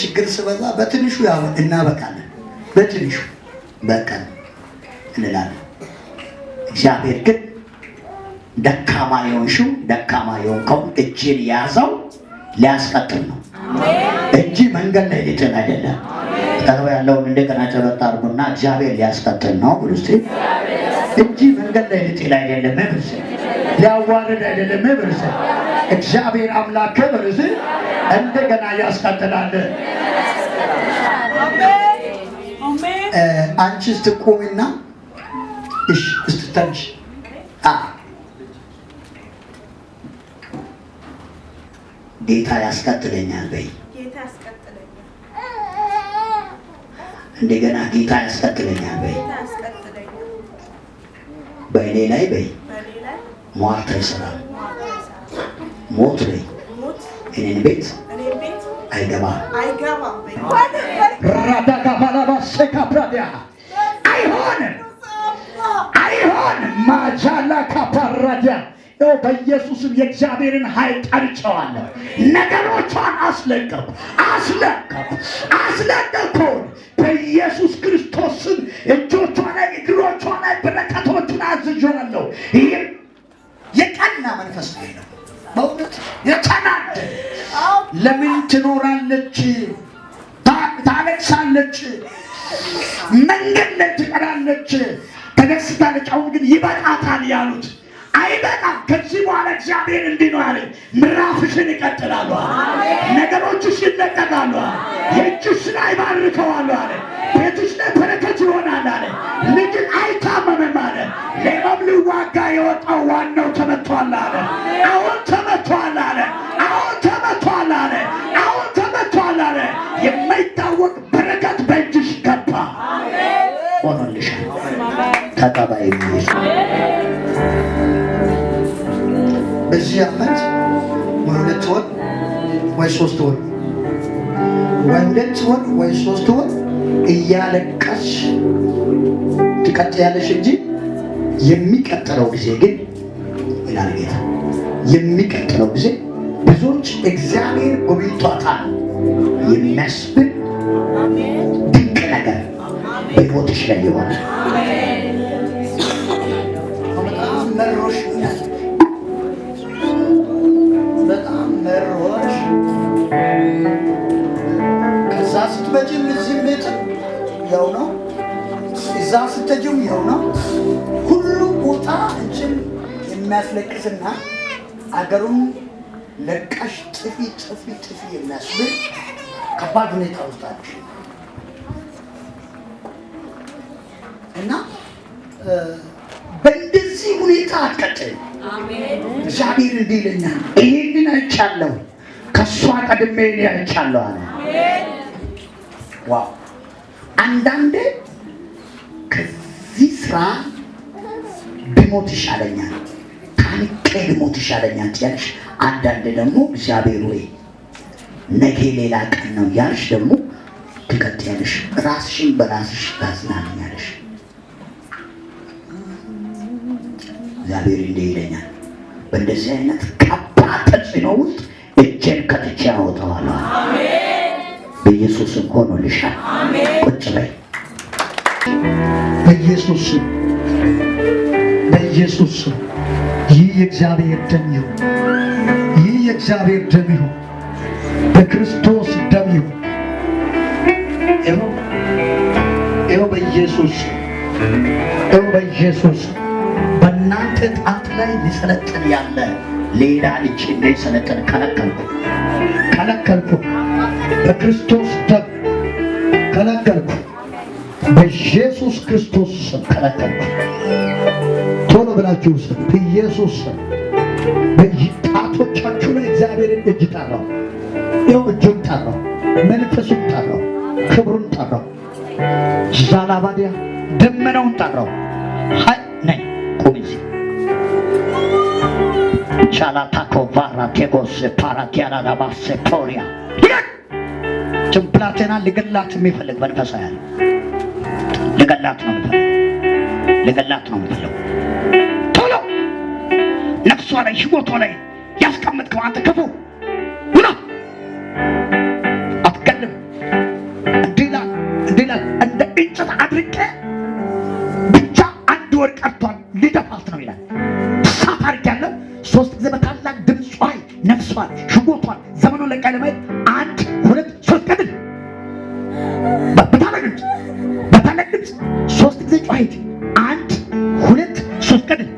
ችግር ስበዛ በትንሹ እናበቃለን። በትንሹ በቀን እንላለን። እግዚአብሔር ግን ደካማ የሆንሽው ደካማ የሆንከውን እጅን ያዘው ሊያስቀጥል ነው እንጂ መንገድ ላይ ሊጥል አይደለም። ቀርበ ያለውን እንደ ቀናቸው አድርጉና እግዚአብሔር ሊያስቀጥል ነው ብሉ እንጂ መንገድ ላይ ሊጥል አይደለም ብሉ ያዋረድ አይደለም። ብርስ እግዚአብሔር አምላክ ብርስ እንደገና ያስቀጥላል። አንቺ ስትቆሚና እሺ ስትተንሽ ጌታ ያስቀጥለኛል በይ። እንደገና ጌታ ያስቀጥለኛል በይ፣ በእኔ ላይ በይ ሟርተ ይሰራ ሞት ነኝ እኔን ቤት አይገባ ራዳጋባላባሴካፕራዲያ አይሆንም፣ አይሆንም ማጃላ ካፓራዲያ ው በኢየሱስም የእግዚአብሔርን ኃይል ጠርጨዋለሁ። ነገሮቿን አስለቀቁ፣ አስለቀቁ፣ አስለቀቁ። በኢየሱስ ክርስቶስም እጆቿ ላይ እግሮቿ ላይ በረከቶቹን አዝዣለሁ። ለምን ትኖራለች? ታለቅሳለች፣ መንገድ ላይ ትቀራለች፣ ተደስታለች። አሁን ግን ይበቃታል ያሉት አይበቃም። ከዚህ በኋላ እግዚአብሔር እንዲህ ነው ያለኝ፣ ምዕራፍሽን ይቀጥላሉ፣ ነገሮችሽ ይለቀቃሉ፣ የእጅሽ ላይ ይባርከዋሉ አለ። ቤትሽ ላይ በረከት ይሆናል አለ። ልጅን አይታመምም አለ። ሌላም ሊዋጋ የወጣው ዋናው ተመቷል አለ። አሁን የማይታወቅ በረከት በእጅሽ ገባ ሆኖልሻል። ተቀባይ በዚህ ዓመት ወይ ሁለት ወር ወይ ሶስት ወር ወይ ሁለት ወር ወይ ሶስት ወር እያለቀሽ ትቀጥያለሽ እንጂ የሚቀጥለው ጊዜ ግን ይላል ጌታ። የሚቀጥለው ጊዜ ብዙዎች እግዚአብሔር ጎብኝቷታል የሚያስብ በህይወትሽ ላይ ይሆን። እዚህ ያው ነው፣ እዛ ያው ነው። ሁሉ ቦታ እጅን የሚያስለቅስና አገሩም ለቃሽ ጥፊ ጥፊ ጥፊ የሚያስብል ከባድ ሁኔታ ውስጥ እና በእንደዚህ ሁኔታ አትቀጥል። እግዚአብሔር እንዲህ ይለኛል፣ ይሄንን አይቻለሁ፣ ከእሷ ቀድሜ እኔ አይቻለሁ አለ። ዋው! አንዳንዴ ከዚህ ስራ ብሞት ይሻለኛል፣ ታንቄ ብሞት ይሻለኛል ትያለሽ። አንዳንዴ ደግሞ እግዚአብሔር ወይ ነገ ሌላ ቀን ነው ያልሽ ደግሞ ትቀጥያለሽ። ራስሽን በራስሽ ታዝናኛለሽ። እግዚአብሔር እንዲህ ይለኛል፣ በእንደዚህ አይነት ከባድ ተጽዕኖ ውስጥ እጄን ከትቼ አወጣዋለሁ። በኢየሱስም ሆኖልሻል። ቁጭ በይ። በኢየሱስ በኢየሱስ ይህ የእግዚአብሔር ደም ይሁን፣ ይህ የእግዚአብሔር ደም ይሁን፣ በክርስቶስ ደም ይሁን። ይኸው በኢየሱስ ይኸው በኢየሱስ በእናንተ ጣት ላይ ሊሰለጥን ያለ ሌላ እጅ እንዳይሰለጥን ከለከልኩ ከለከልኩ። በክርስቶስ ደም ከለከልኩ። በኢየሱስ ክርስቶስ ስም ከለከልኩ። ቶሎ ብላችሁ ስም ኢየሱስ ስም ጣቶቻችሁ ላይ እግዚአብሔርን እጅ ጠራው። ይኸው እጁን ጠራው፣ መንፈሱን ጠራው፣ ክብሩን ጠራው፣ ዛላባዲያ ደመናውን ጠራው። ቁምዚ ቻላታኮ ቫራ ቴጎስ ፓራቲያና ዳማሴቶሪያ ችን ብላቴና ልገላት የሚፈልግ መንፈሳ ያለ ልገላት ነው ልገላት ነው የሚፈልግ ቶሎ ነፍሷ ላይ ህይወቷ ላይ ያስቀምጥከው አንተ ክፉ ሶስት ጊዜ በታላቅ ድምፅ ጮኸ። ነፍሷን፣ ሽጎቷን፣ ዘመኑን ለቃ ለማየት አንድ ሁለት ሶስት ቀድል በታላቅ ድምፅ በታላቅ ድምፅ ሶስት ጊዜ ጮኸች። አንድ ሁለት ሶስት ቀድል